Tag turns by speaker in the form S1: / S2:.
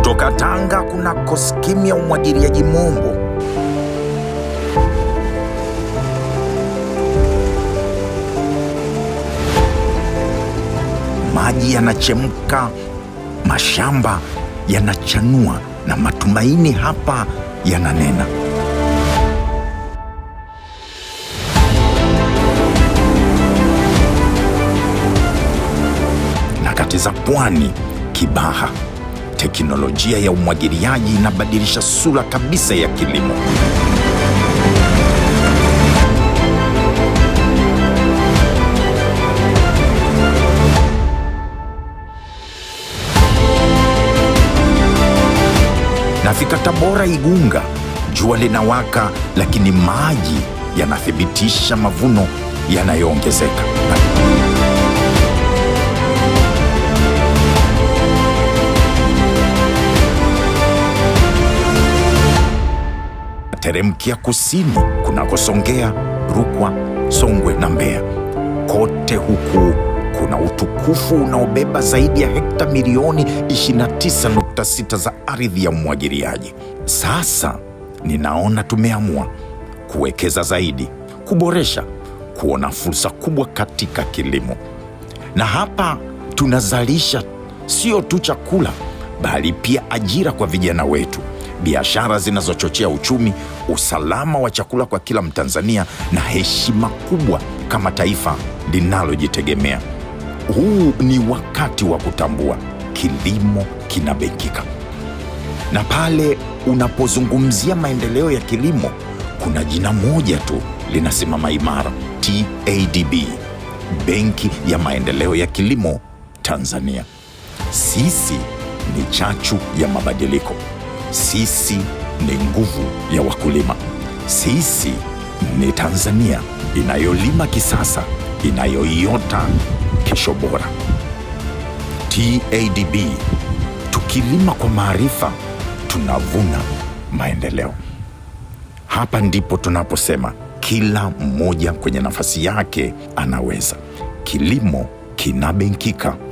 S1: Toka Tanga kunako skimu ya umwagiliaji Mombo. Maji yanachemka, mashamba yanachanua na matumaini hapa yananena. Nyakati za pwani Kibaha teknolojia ya umwagiliaji inabadilisha sura kabisa ya kilimo. Nafika Tabora, Igunga, jua linawaka, lakini maji yanathibitisha mavuno yanayoongezeka. teremkia kusini kunakosongea Rukwa, Songwe na Mbeya. Kote huku kuna utukufu unaobeba zaidi ya hekta milioni 29.6 za ardhi ya umwagiliaji. Sasa ninaona tumeamua kuwekeza zaidi, kuboresha, kuona fursa kubwa katika kilimo, na hapa tunazalisha sio tu chakula, bali pia ajira kwa vijana wetu biashara zinazochochea uchumi, usalama wa chakula kwa kila Mtanzania na heshima kubwa kama taifa linalojitegemea. Huu ni wakati wa kutambua kilimo kinabenkika na pale unapozungumzia maendeleo ya kilimo kuna jina moja tu linasimama imara: TADB, Benki ya Maendeleo ya Kilimo Tanzania. Sisi ni chachu ya mabadiliko. Sisi ni nguvu ya wakulima. Sisi ni Tanzania inayolima kisasa, inayoiota kesho bora. TADB, tukilima kwa maarifa, tunavuna maendeleo. Hapa ndipo tunaposema kila mmoja kwenye nafasi yake anaweza. Kilimo kinabenkika.